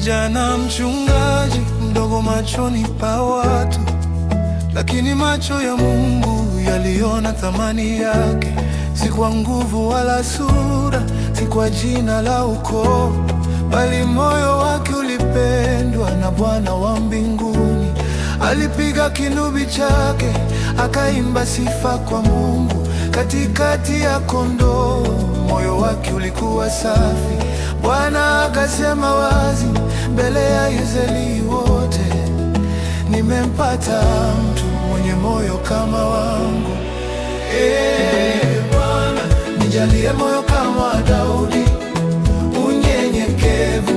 Kijana mchungaji mdogo machoni pa watu, lakini macho ya Mungu yaliona thamani yake, si kwa nguvu wala sura, si kwa jina la ukoo, bali moyo wake ulipendwa na Bwana wa mbinguni. Alipiga kinubi chake, akaimba sifa kwa Mungu katikati ya kondoo. Moyo wake ulikuwa safi Bwana akasema wazi mbele ya Israeli wote, nimempata mtu mwenye moyo kama wangu. Ee Bwana, nijalie moyo kama Daudi, unyenyekevu,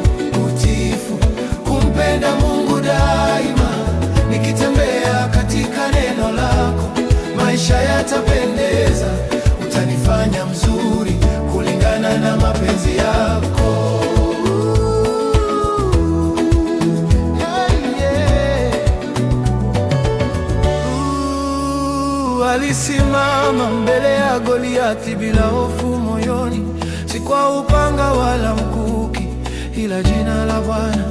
utifu kumpenda Mungu daima. Nikitembea katika neno lako, maisha yatapendeza, utanifanya mzuri kulingana na mapenzi yako. Nilisimama mbele ya Goliathi bila hofu moyoni, si kwa upanga wala mkuki, ila jina la Bwana.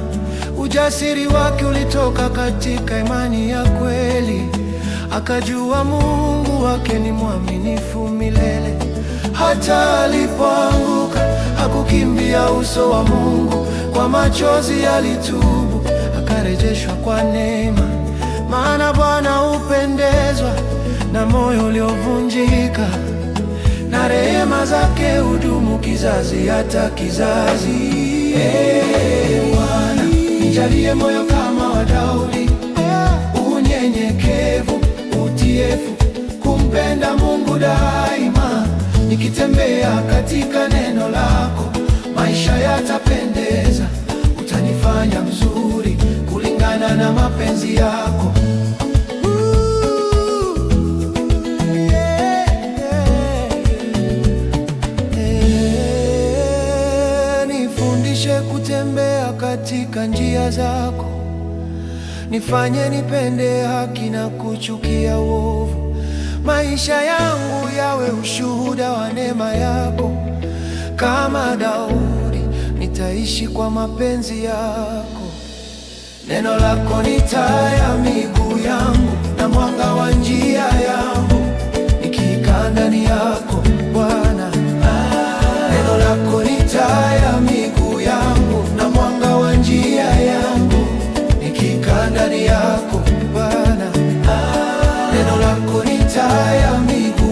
Ujasiri wake ulitoka katika imani ya kweli, akajua Mungu wake ni mwaminifu milele. Hata alipoanguka hakukimbia uso wa Mungu, kwa machozi alitubu, akarejeshwa kwa neema, maana Bwana upendezwa zake hudumu kizazi hata kizazi. Ee Bwana hey, nijalie moyo kama wa Daudi, unyenyekevu, utiifu, kumpenda Mungu daima. Nikitembea katika neno lako, maisha yatapendeza, utanifanya mzuri kulingana na mapenzi yako. katika njia zako, nifanye nipende haki na kuchukia uovu. Maisha yangu yawe ushuhuda wa neema yako. Kama Daudi nitaishi kwa mapenzi yako. Neno lako ni taa ya miguu yangu na mwanga yako miguu